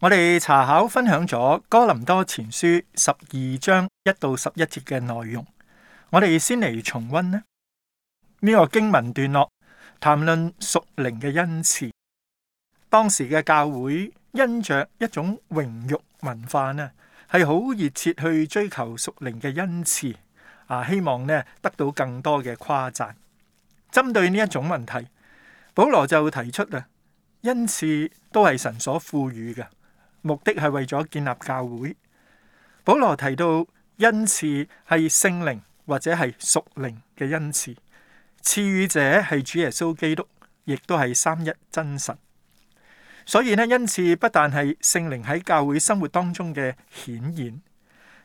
我哋查考分享咗哥林多前書十二章一到十一節嘅內容，我哋先嚟重溫呢呢個經文段落，談論屬靈嘅恩賜。當時嘅教會因着一種榮辱文化呢，係好熱切去追求屬靈嘅恩賜，啊，希望呢得到更多嘅誇讚。針對呢一種問題，保羅就提出啦，恩賜都係神所賦予嘅。目的係為咗建立教會。保羅提到恩賜係聖靈或者係屬靈嘅恩賜，賜予者係主耶穌基督，亦都係三一真神。所以呢，恩賜不但係聖靈喺教會生活當中嘅顯現，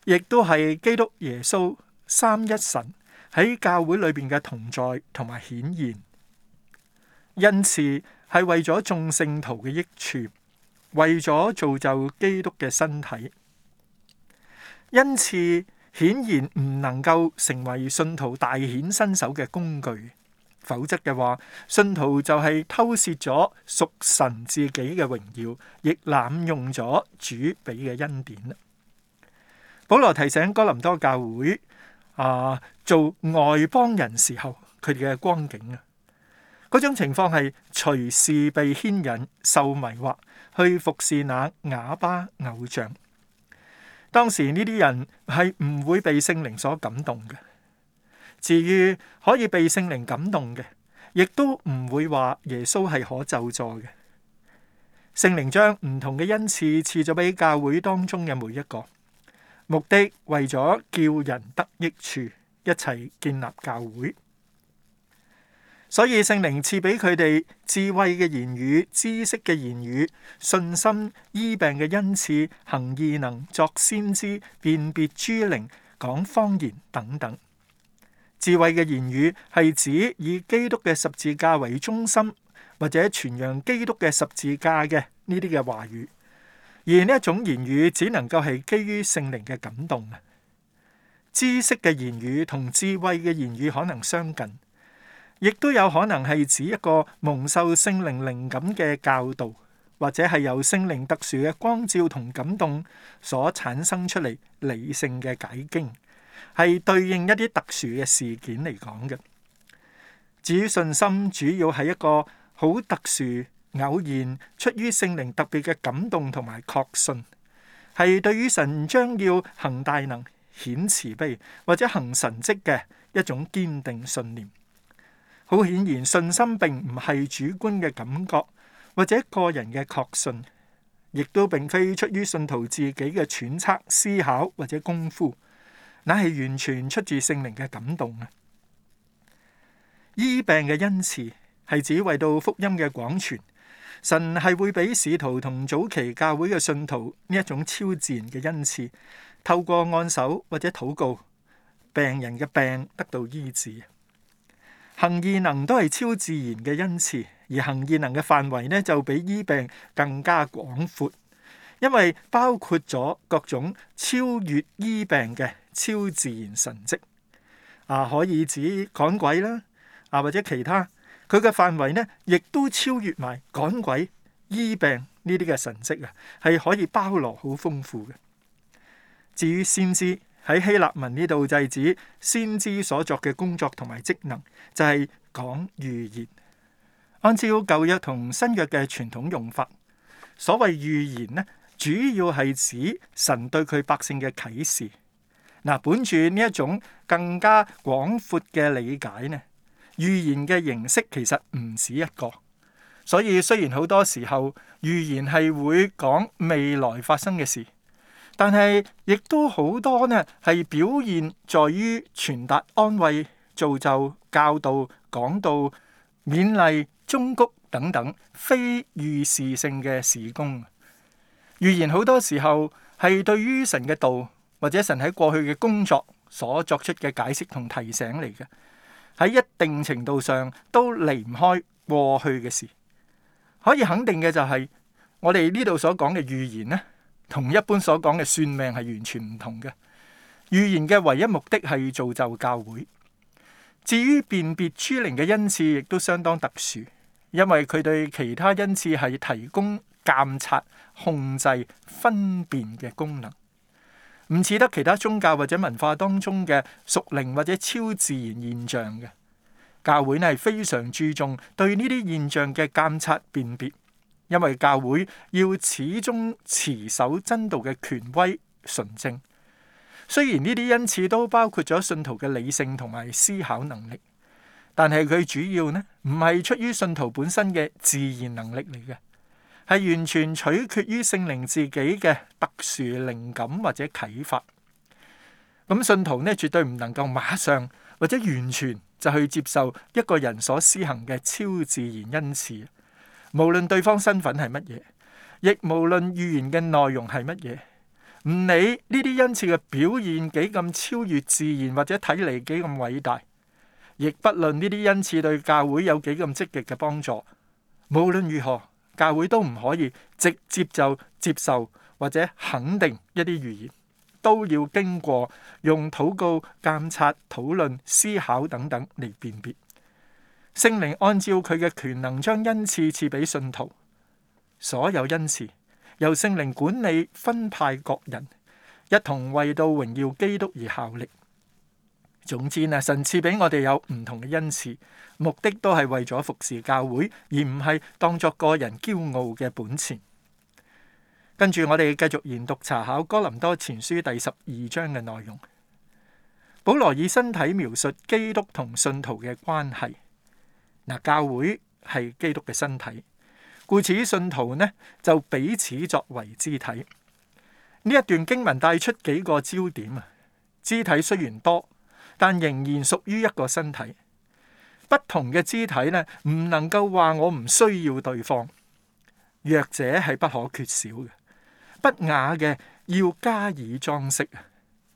亦都係基督耶穌三一神喺教會裏邊嘅同在同埋顯現。恩賜係為咗眾聖徒嘅益處。為咗造就基督嘅身體，因此顯然唔能夠成為信徒大顯身手嘅工具，否則嘅話，信徒就係偷竊咗屬神自己嘅榮耀，亦濫用咗主俾嘅恩典啦。保羅提醒哥林多教會啊，做外邦人時候佢哋嘅光景啊。嗰種情況係隨時被牽引、受迷惑，去服侍那啞巴偶像。當時呢啲人係唔會被聖靈所感動嘅。至於可以被聖靈感動嘅，亦都唔會話耶穌係可咒詛嘅。聖靈將唔同嘅恩賜賜咗俾教會當中嘅每一個，目的為咗叫人得益處，一齊建立教會。所以聖靈賜俾佢哋智慧嘅言語、知識嘅言語、信心醫病嘅恩賜、行異能、作先知、辨別諸靈、講方言等等。智慧嘅言語係指以基督嘅十字架為中心或者傳揚基督嘅十字架嘅呢啲嘅話語，而呢一種言語只能夠係基於聖靈嘅感動啊。知識嘅言語同智慧嘅言語可能相近。亦都有可能係指一個蒙受聖靈靈感嘅教導，或者係由聖靈特殊嘅光照同感動所產生出嚟理性嘅解經，係對應一啲特殊嘅事件嚟講嘅。至於信心，主要係一個好特殊、偶然，出於聖靈特別嘅感動同埋確信，係對於神將要行大能、顯慈悲或者行神蹟嘅一種堅定信念。好顯然，信心並唔係主觀嘅感覺，或者個人嘅確信，亦都並非出於信徒自己嘅揣測、思考或者功夫，乃係完全出自聖靈嘅感動啊！醫病嘅恩賜係指為到福音嘅廣傳，神係會俾使徒同早期教會嘅信徒呢一種超自然嘅恩賜，透過按手或者禱告，病人嘅病得到醫治。行異能都係超自然嘅恩賜，而行異能嘅範圍呢就比醫病更加廣闊，因為包括咗各種超越醫病嘅超自然神跡，啊可以指趕鬼啦，啊或者其他，佢嘅範圍呢亦都超越埋趕鬼、醫病呢啲嘅神跡啊，係可以包羅好豐富嘅。至於先知，喺希臘文呢度就係指先知所作嘅工作同埋職能，就係講預言。按照舊約同新約嘅傳統用法，所謂預言呢，主要係指神對佢百姓嘅啟示。嗱，本住呢一種更加廣闊嘅理解呢，預言嘅形式其實唔止一個。所以雖然好多時候預言係會講未來發生嘅事。但係亦都好多呢，係表現在於傳達安慰、造就、教導、講道、勉勵、忠告等等非預示性嘅事工。預言好多時候係對於神嘅道或者神喺過去嘅工作所作出嘅解釋同提醒嚟嘅。喺一定程度上都離唔開過去嘅事。可以肯定嘅就係我哋呢度所講嘅預言呢，同一般所講嘅算命係完全唔同嘅。預言嘅唯一目的係要造就教會。至於辨別諸靈嘅恩賜，亦都相當特殊，因為佢對其他恩賜係提供監察、控制、分辨嘅功能，唔似得其他宗教或者文化當中嘅屬靈或者超自然現象嘅教會咧，係非常注重對呢啲現象嘅監察辨別、辨別。因為教會要始終持守真道嘅權威純正。雖然呢啲恩賜都包括咗信徒嘅理性同埋思考能力，但係佢主要呢唔係出於信徒本身嘅自然能力嚟嘅，係完全取決於聖靈自己嘅特殊靈感或者啟發。咁信徒呢絕對唔能夠馬上或者完全就去接受一個人所施行嘅超自然恩賜。無論對方身份係乜嘢，亦無論預言嘅內容係乜嘢，唔理呢啲恩賜嘅表現幾咁超越自然或者睇嚟幾咁偉大，亦不論呢啲恩賜對教會有幾咁積極嘅幫助，無論如何，教會都唔可以直接就接受或者肯定一啲預言，都要經過用禱告、監察、討論、思考等等嚟辨別。聖靈按照佢嘅權能，將恩賜賜俾信徒。所有恩賜由聖靈管理分派，各人一同為到榮耀基督而效力。總之呢，呢神賜俾我哋有唔同嘅恩賜，目的都係為咗服侍教會，而唔係當作個人驕傲嘅本錢。跟住我哋繼續研讀查考哥林多前書第十二章嘅內容。保羅以身體描述基督同信徒嘅關係。嗱，教會係基督嘅身體，故此信徒呢就彼此作為肢體。呢一段經文帶出幾個焦點啊：肢體雖然多，但仍然屬於一個身體。不同嘅肢體呢，唔能夠話我唔需要對方。弱者係不可缺少嘅，不雅嘅要加以裝飾啊。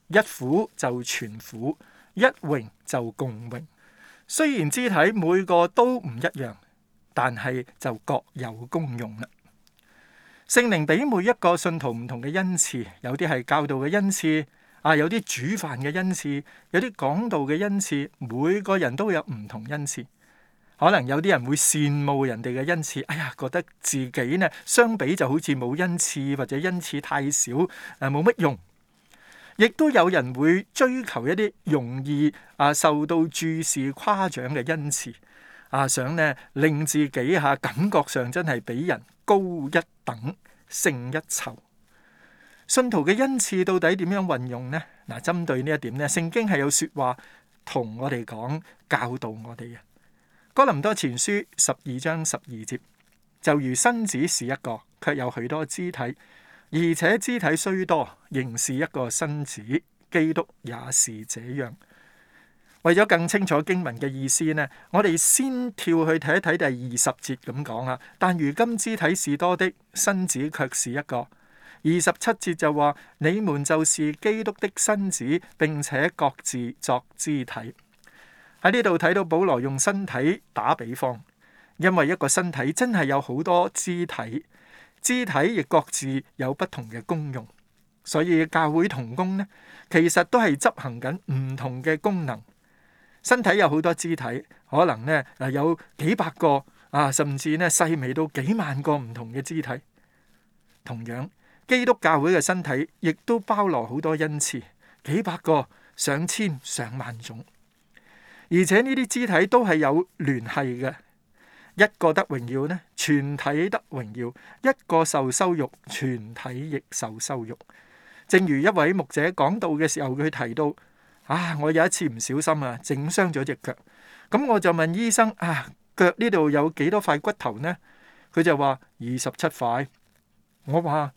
一苦就全苦，一榮就共榮。雖然肢體每個都唔一樣，但係就各有功用啦。聖靈俾每一個信徒唔同嘅恩賜，有啲係教導嘅恩賜，啊有啲煮飯嘅恩賜，有啲講道嘅恩賜，每個人都有唔同恩賜。可能有啲人會羨慕人哋嘅恩賜，哎呀，覺得自己呢，相比就好似冇恩賜，或者恩賜太少，誒冇乜用。亦都有人會追求一啲容易啊受到注視誇獎嘅恩賜，啊想咧令自己吓、啊、感覺上真係比人高一等勝一籌。信徒嘅恩賜到底點樣運用呢？嗱、啊，針對呢一點咧，聖經係有說話同我哋講，教導我哋嘅《哥林多前書》十二章十二節，就如身子是一個，卻有許多肢體。而且肢體雖多，仍是一個身子。基督也是這樣。為咗更清楚經文嘅意思呢，我哋先跳去睇一睇第二十節咁講啊。但如今肢體是多的，身子卻是一個。二十七節就話：你們就是基督的身子，並且各自作肢體。喺呢度睇到保羅用身體打比方，因為一個身體真係有好多肢體。肢體亦各自有不同嘅功用，所以教會同工呢，其實都係執行緊唔同嘅功能。身體有好多肢體，可能呢啊有幾百個啊，甚至呢細微到幾萬個唔同嘅肢體。同樣，基督教會嘅身體亦都包羅好多恩賜，幾百個、上千、上萬種，而且呢啲肢體都係有聯繫嘅。一個得榮耀呢，全體得榮耀；一個受羞辱，全體亦受羞辱。正如一位牧者講到嘅時候，佢提到：啊，我有一次唔小心啊，整傷咗隻腳。咁我就問醫生：啊，腳呢度有幾多塊骨頭呢？佢就話：二十七塊。我話：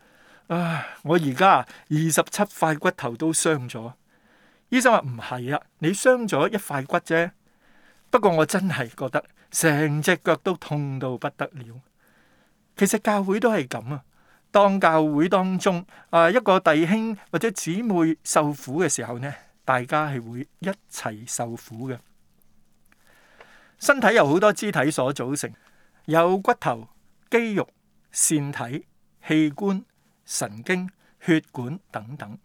啊，我而家二十七塊骨頭都傷咗。醫生話：唔係啊，你傷咗一塊骨啫。不過我真係覺得。成隻腳都痛到不得了。其實教會都係咁啊。當教會當中啊，一個弟兄或者姊妹受苦嘅時候呢，大家係會一齊受苦嘅。身體由好多肢體所組成，有骨頭、肌肉、腺體、器官、神經、血管等等。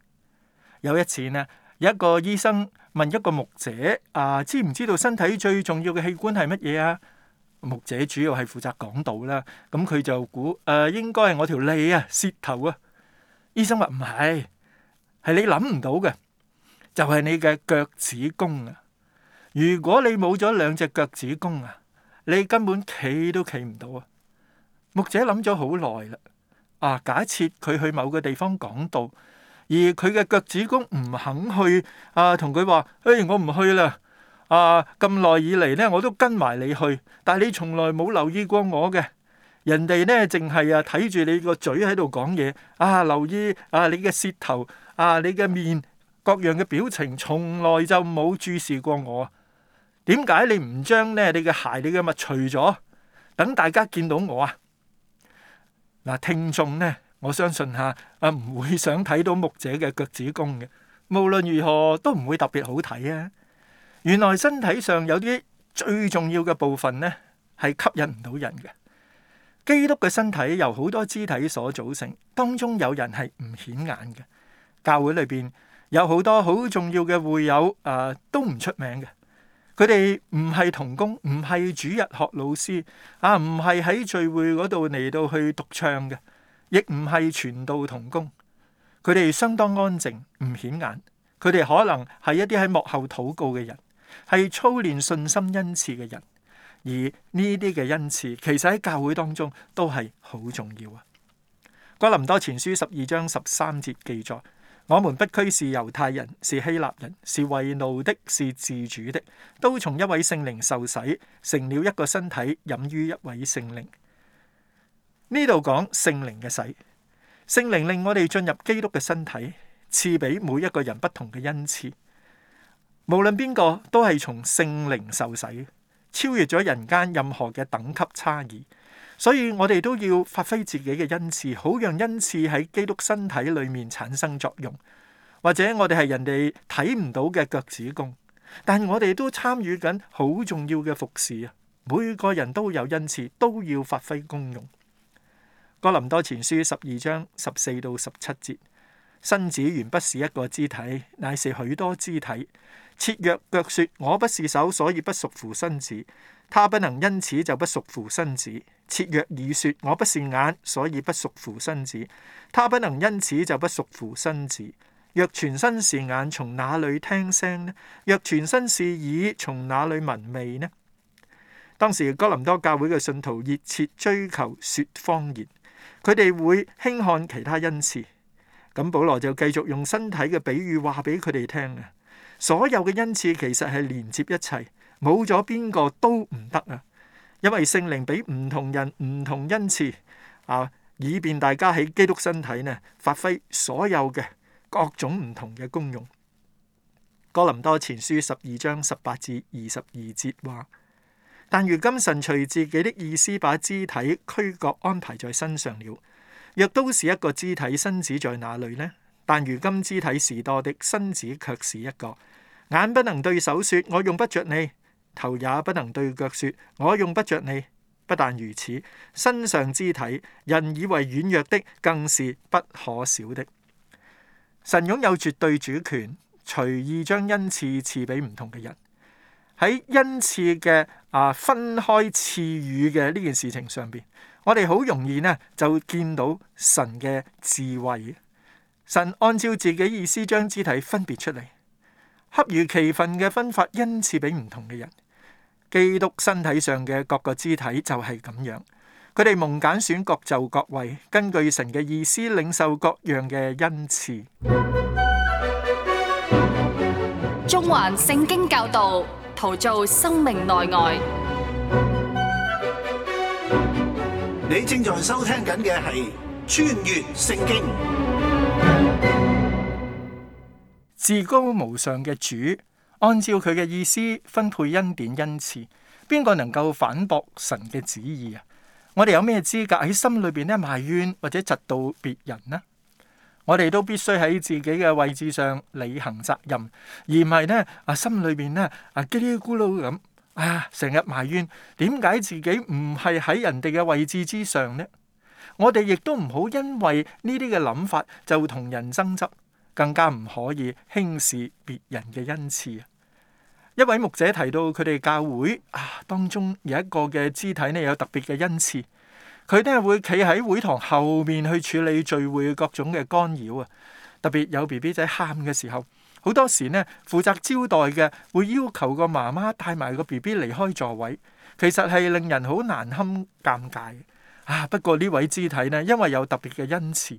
有一次呢。一個醫生問一個牧者：啊，知唔知道身體最重要嘅器官係乜嘢啊？牧者主要係負責講道啦，咁佢就估誒應該係我條脷啊、舌頭啊。醫生話唔係，係你諗唔到嘅，就係你嘅腳趾公啊！如果你冇咗兩隻腳趾公啊，你根本企都企唔到啊！牧者諗咗好耐啦，啊，假設佢去某個地方講道。而佢嘅腳趾公唔肯去啊，同佢話：哎，我唔去啦！啊，咁耐以嚟呢，我都跟埋你去，但係你從來冇留意過我嘅。人哋呢，淨係啊睇住你個嘴喺度講嘢啊，留意啊你嘅舌頭啊，你嘅面各樣嘅表情，從來就冇注視過我。點解你唔將呢你嘅鞋、你嘅襪除咗，等大家見到我啊？嗱，聽眾呢。我相信吓啊，唔會想睇到牧者嘅腳趾公嘅。無論如何都唔會特別好睇啊！原來身體上有啲最重要嘅部分呢，係吸引唔到人嘅。基督嘅身體由好多肢體所組成，當中有人係唔顯眼嘅。教會裏邊有好多好重要嘅會友啊，都唔出名嘅。佢哋唔係同工，唔係主日學老師，啊，唔係喺聚會嗰度嚟到去獨唱嘅。亦唔係傳道同工，佢哋相當安靜，唔顯眼。佢哋可能係一啲喺幕後禱告嘅人，係操練信心恩賜嘅人。而呢啲嘅恩賜，其實喺教會當中都係好重要啊！哥林多前書十二章十三節記載：我們不拘是猶太人，是希臘人，是為奴的，是自主的，都從一位聖靈受洗，成了一個身體，飲於一位聖靈。呢度講聖靈嘅洗，聖靈令我哋進入基督嘅身體，賜俾每一個人不同嘅恩賜。無論邊個都係從聖靈受洗，超越咗人間任何嘅等級差異。所以我哋都要發揮自己嘅恩賜，好讓恩賜喺基督身體裏面產生作用。或者我哋係人哋睇唔到嘅腳趾公，但我哋都參與緊好重要嘅服侍啊！每個人都有恩賜，都要發揮功用。哥林多前書十二章十四到十七節，身子原不是一個肢體，乃是許多肢體。切若,腳說我不是手，所以不屬乎身子；他不能因此就不屬乎身子。切若耳說我不是眼，所以不屬乎身子；他不能因此就不屬乎身子。若全身是眼，從哪裏聽聲呢？若全身是耳，從哪裏聞味呢？當時哥林多教會嘅信徒熱切追求說方言。佢哋會輕看其他恩賜，咁保羅就繼續用身體嘅比喻話俾佢哋聽啊。所有嘅恩賜其實係連接一齊，冇咗邊個都唔得啊。因為聖靈俾唔同人唔同恩賜啊，以便大家喺基督身體呢發揮所有嘅各種唔同嘅功用。哥林多前書十二章十八至二十二節話。但如今神隨自己的意思把肢體俱各安排在身上了。若都是一個肢體，身子在哪裏呢？但如今肢體是多的，身子却是一個。眼不能對手說：我用不着你。頭也不能對腳說：我用不着你。不但如此，身上肢體人以為軟弱的，更是不可少的。神擁有絕對主權，隨意將恩賜賜俾唔同嘅人。喺恩賜嘅啊，分開賜予嘅呢件事情上邊，我哋好容易呢就見到神嘅智慧。神按照自己意思將肢體分別出嚟，恰如其分嘅分法，恩賜俾唔同嘅人。基督身體上嘅各個肢體就係咁樣，佢哋蒙揀選，各就各位，根據神嘅意思領受各樣嘅恩賜。中環聖經教導。陶造生命內外。你正在收聽緊嘅係《穿越聖經》，至高無上嘅主按照佢嘅意思分配恩典恩賜，邊個能夠反駁神嘅旨意啊？我哋有咩資格喺心裏邊咧埋怨或者窒到別人呢？我哋都必須喺自己嘅位置上履行責任，而唔係呢，呢，啊心裏邊呢，啊嘰哩咕嚕咁，啊成日埋怨點解自己唔係喺人哋嘅位置之上呢。我哋亦都唔好因為呢啲嘅諗法就同人爭執，更加唔可以輕視別人嘅恩賜。一位牧者提到佢哋教會啊，當中有一個嘅肢體呢，有特別嘅恩賜。佢都係會企喺會堂後面去處理聚會各種嘅干擾啊。特別有 B B 仔喊嘅時候，好多時呢負責招待嘅會要求個媽媽帶埋個 B B 離開座位，其實係令人好難堪尷尬啊。不過呢位肢體呢，因為有特別嘅恩賜，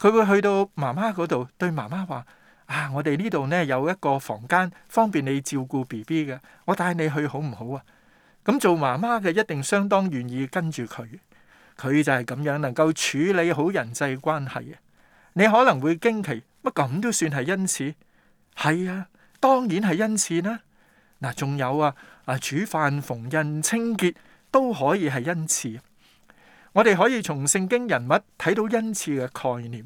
佢會去到媽媽嗰度對媽媽話：啊，我哋呢度呢有一個房間方便你照顧 B B 嘅，我帶你去好唔好啊？咁做媽媽嘅一定相當願意跟住佢。佢就係咁樣，能夠處理好人際關係嘅。你可能會驚奇，乜咁都算係恩賜？係啊，當然係恩賜啦。嗱，仲有啊，啊煮飯、縫紉、清潔都可以係恩賜。我哋可以從聖經人物睇到恩賜嘅概念。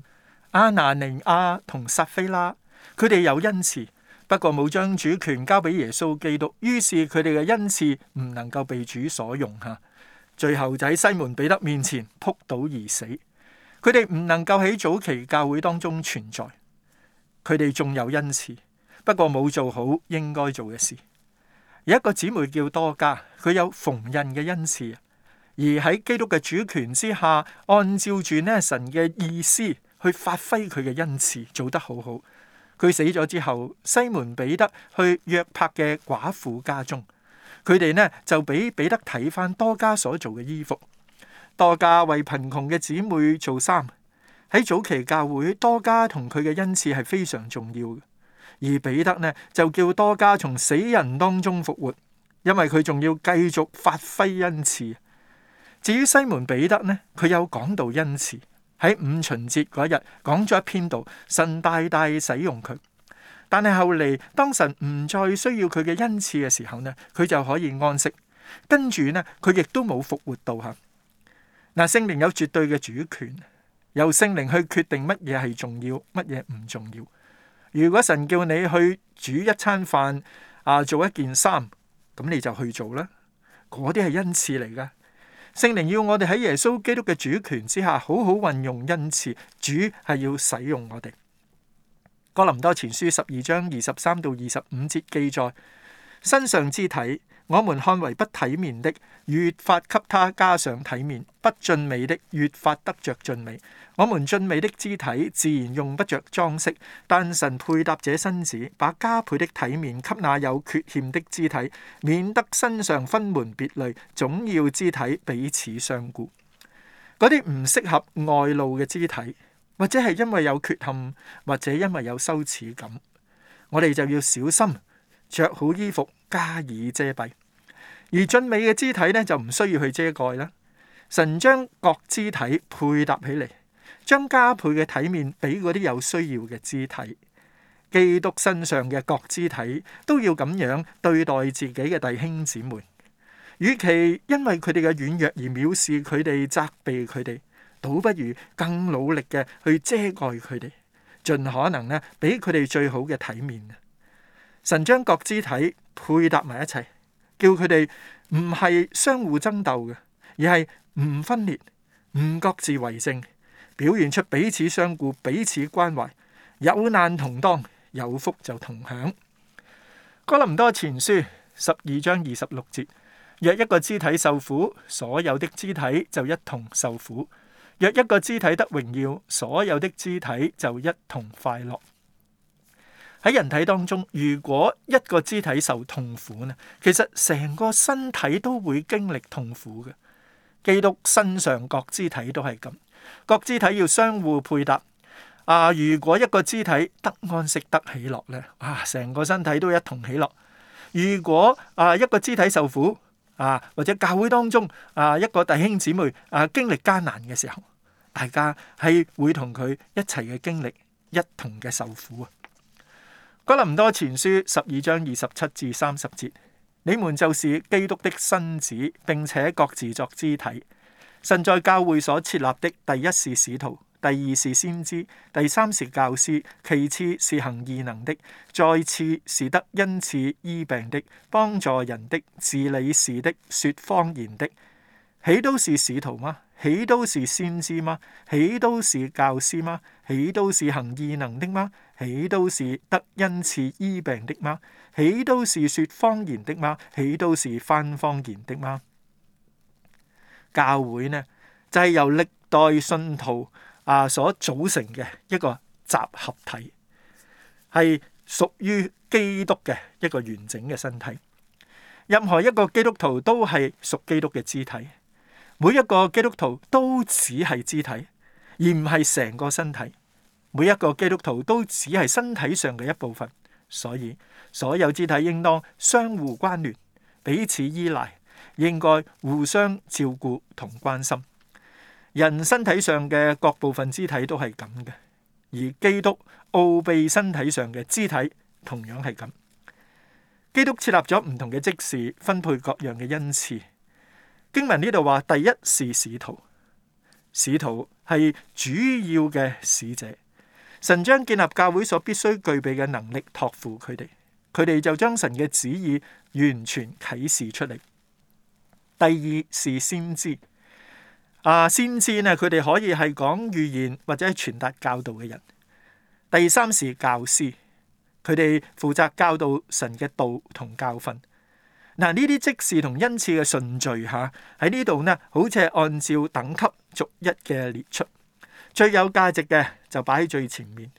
阿拿尼亞同撒非拉，佢哋有恩賜，不過冇將主權交俾耶穌基督，於是佢哋嘅恩賜唔能夠被主所用嚇。最後就喺西門彼得面前扑倒而死，佢哋唔能夠喺早期教會當中存在，佢哋仲有恩賜，不過冇做好應該做嘅事。有一個姊妹叫多加，佢有縫紉嘅恩賜，而喺基督嘅主權之下，按照住呢神嘅意思去發揮佢嘅恩賜，做得好好。佢死咗之後，西門彼得去約帕嘅寡婦家中。佢哋呢，就俾彼得睇翻多加所做嘅衣服，多加為貧窮嘅姊妹做衫。喺早期教會，多加同佢嘅恩賜係非常重要嘅。而彼得呢，就叫多加從死人當中復活，因為佢仲要繼續發揮恩賜。至於西門彼得呢，佢有講道恩賜，喺五旬節嗰日講咗一篇道，神大大使用佢。但係後嚟，當神唔再需要佢嘅恩賜嘅時候呢，佢就可以安息。跟住呢，佢亦都冇復活到。行。嗱，聖靈有絕對嘅主權，由聖靈去決定乜嘢係重要，乜嘢唔重要。如果神叫你去煮一餐飯啊，做一件衫，咁你就去做啦。嗰啲係恩賜嚟㗎。聖靈要我哋喺耶穌基督嘅主權之下，好好運用恩賜。主係要使用我哋。哥林多前書十二章二十三到二十五節記載：身上肢體，我們看為不體面的，越發給它加上體面；不俊美的，越發得着俊美。我們俊美的肢體，自然用不着裝飾。但神配搭這身子，把加倍的體面給那有缺陷的肢體，免得身上分門別類，總要肢體彼此相顧。嗰啲唔適合外露嘅肢體。或者係因為有缺陷，或者因為有羞恥感，我哋就要小心着好衣服加以遮蔽。而俊美嘅肢體咧，就唔需要去遮蓋啦。神將各肢體配搭起嚟，將加倍嘅體面俾嗰啲有需要嘅肢體。基督身上嘅各肢體都要咁樣對待自己嘅弟兄姊妹，與其因為佢哋嘅軟弱而藐視佢哋、責備佢哋，倒不如更努力嘅去遮蓋佢哋，盡可能呢俾佢哋最好嘅體面啊！神將各肢體配搭埋一齊，叫佢哋唔係相互爭鬥嘅，而係唔分裂、唔各自為政，表現出彼此相顧、彼此關懷，有難同當，有福就同享。哥林多前書十二章二十六節：若一個肢體受苦，所有的肢體就一同受苦。若一個肢體得榮耀，所有的肢體就一同快樂。喺人體當中，如果一個肢體受痛苦呢，其實成個身體都會經歷痛苦嘅。基督身上各肢體都係咁，各肢體要相互配搭。啊，如果一個肢體得安息、得喜樂呢，啊，成個身體都一同喜樂。如果啊，一個肢體受苦啊，或者教會當中啊，一個弟兄姊妹啊經歷艱難嘅時候。大家係會同佢一齊嘅經歷，一同嘅受苦啊！哥林多前書十二章二十七至三十節：你們就是基督的身子，並且各自作肢體。神在教會所設立的，第一是使徒，第二是先知，第三是教師，其次是行異能的，再次是得恩賜醫病的，幫助人的，治理事的，説方言的，豈都是使徒嗎？豈都是先知嗎？豈都是教師嗎？豈都是行異能的嗎？豈都是得恩賜醫病的嗎？豈都是説方言的嗎？豈都是翻方言的嗎？教會呢，就係、是、由歷代信徒啊所組成嘅一個集合體，係屬於基督嘅一個完整嘅身體。任何一個基督徒都係屬基督嘅肢體。每一個基督徒都只係肢體，而唔係成個身體。每一個基督徒都只係身體上嘅一部分，所以所有肢體應當相互關聯、彼此依賴，應該互相照顧同關心。人身體上嘅各部分肢體都係咁嘅，而基督奧秘身體上嘅肢體同樣係咁。基督設立咗唔同嘅職事，分配各樣嘅恩賜。經文呢度話，第一是使徒，使徒係主要嘅使者，神將建立教會所必須具備嘅能力託付佢哋，佢哋就將神嘅旨意完全啟示出嚟。第二是先知，啊先知呢，佢哋可以係講預言或者係傳達教導嘅人。第三是教師，佢哋負責教導神嘅道同教訓。嗱，呢啲即事同恩賜嘅順序嚇，喺呢度呢，好似係按照等級逐一嘅列出。最有價值嘅就擺喺最前面。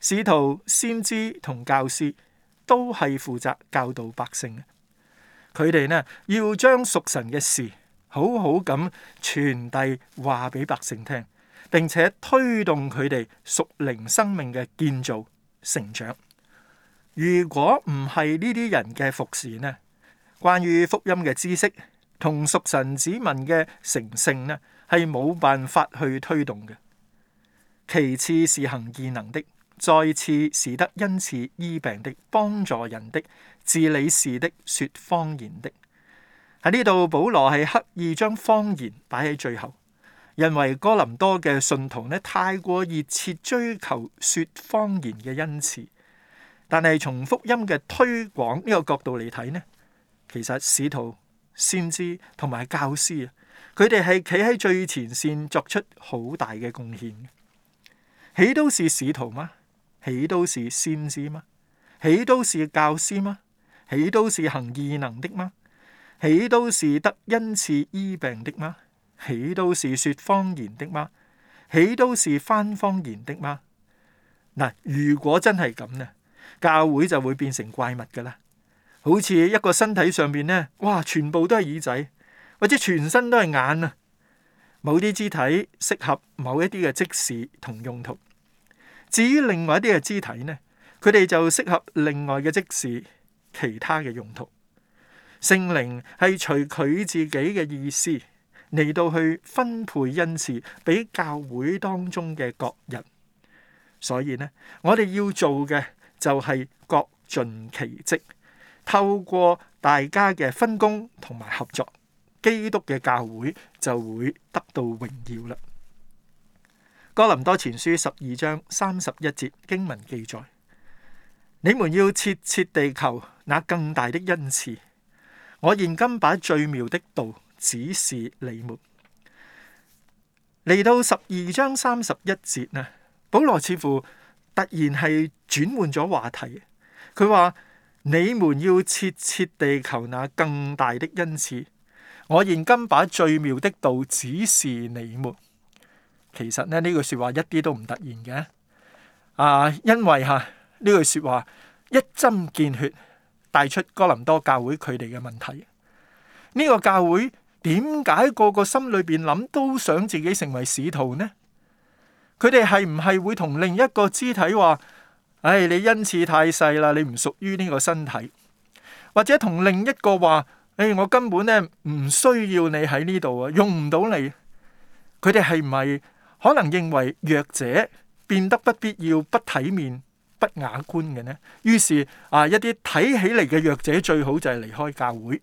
使徒、先知同教師都係負責教導百姓嘅，佢哋呢，要將屬神嘅事好好咁傳遞話俾百姓聽，並且推動佢哋屬靈生命嘅建造成長。如果唔係呢啲人嘅服侍呢？關於福音嘅知識同屬神子民嘅成聖，呢係冇辦法去推動嘅。其次，是行異能的；再次，是得恩賜醫病的，幫助人的，治理事的，説方言的。喺呢度，保羅係刻意將方言擺喺最後，認為哥林多嘅信徒呢，太過熱切追求説方言嘅恩賜。但係從福音嘅推廣呢個角度嚟睇呢。其實使徒、先知同埋教師，佢哋係企喺最前線，作出好大嘅貢獻。豈都是使徒嗎？豈都是先知嗎？豈都是教師嗎？豈都是行異能的嗎？豈都是得恩賜醫病的嗎？豈都是說方言的嗎？豈都是翻方言的嗎？嗱，如果真係咁咧，教會就會變成怪物㗎喇。好似一個身體上面呢，哇！全部都係耳仔，或者全身都係眼啊。某啲肢體適合某一啲嘅職事同用途。至於另外一啲嘅肢體呢，佢哋就適合另外嘅職事，其他嘅用途。聖靈係隨佢自己嘅意思嚟到去分配恩賜俾教會當中嘅各人。所以呢，我哋要做嘅就係各盡其職。透過大家嘅分工同埋合作，基督嘅教會就會得到榮耀啦。哥林多前書十二章三十一節經文記載：你們要切切地求那更大的恩賜。我現今把最妙的道指示你們。嚟到十二章三十一節啊，保羅似乎突然係轉換咗話題，佢話：你們要切切地求那更大的恩賜。我現今把最妙的道指示你們。其實呢，呢句說話一啲都唔突然嘅。啊，因為吓呢、啊、句說話一針見血，帶出哥林多教會佢哋嘅問題。呢、這個教會點解個個心裏邊諗都想自己成為使徒呢？佢哋係唔係會同另一個肢體話？唉，你恩賜太細啦，你唔屬於呢個身體，或者同另一個話，唉，我根本咧唔需要你喺呢度啊，用唔到你。佢哋係唔係可能認為弱者變得不必要、不體面、不雅觀嘅呢？於是啊，一啲睇起嚟嘅弱者最好就係離開教會。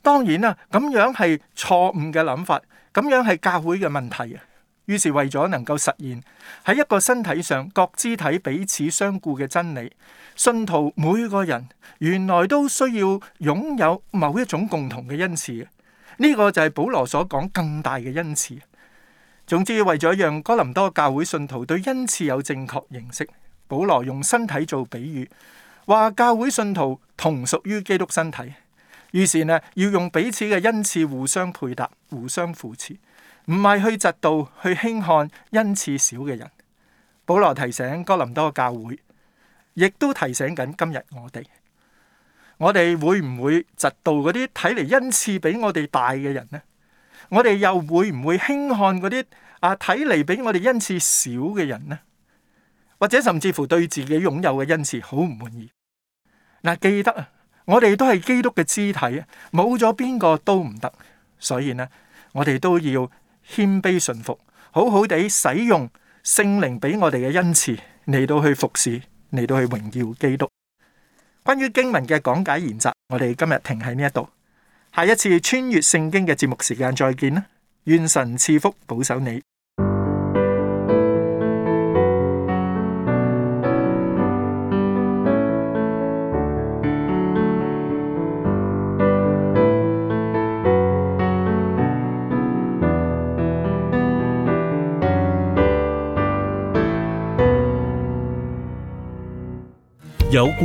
當然啦、啊，咁樣係錯誤嘅諗法，咁樣係教會嘅問題。於是為咗能夠實現喺一個身體上各肢體彼此相顧嘅真理，信徒每個人原來都需要擁有某一種共同嘅恩賜。呢個就係保羅所講更大嘅恩賜。總之為咗讓哥林多教會信徒對恩賜有正確認識，保羅用身體做比喻，話教會信徒同屬於基督身體，於是呢要用彼此嘅恩賜互相配搭、互相扶持。唔係去嫉妒，去輕看恩賜少嘅人。保羅提醒哥林多教會，亦都提醒緊今日我哋。我哋會唔會嫉妒嗰啲睇嚟恩賜比我哋大嘅人呢？我哋又會唔會輕看嗰啲啊睇嚟比我哋恩賜少嘅人呢？或者甚至乎對自己擁有嘅恩賜好唔滿意？嗱，記得啊，我哋都係基督嘅肢體啊，冇咗邊個都唔得。所以呢，我哋都要。謙卑順服，好好地使用聖靈俾我哋嘅恩賜，嚟到去服侍，嚟到去榮耀基督。關於經文嘅講解研習，我哋今日停喺呢一度。下一次穿越聖經嘅節目時間再見啦！願神賜福保守你。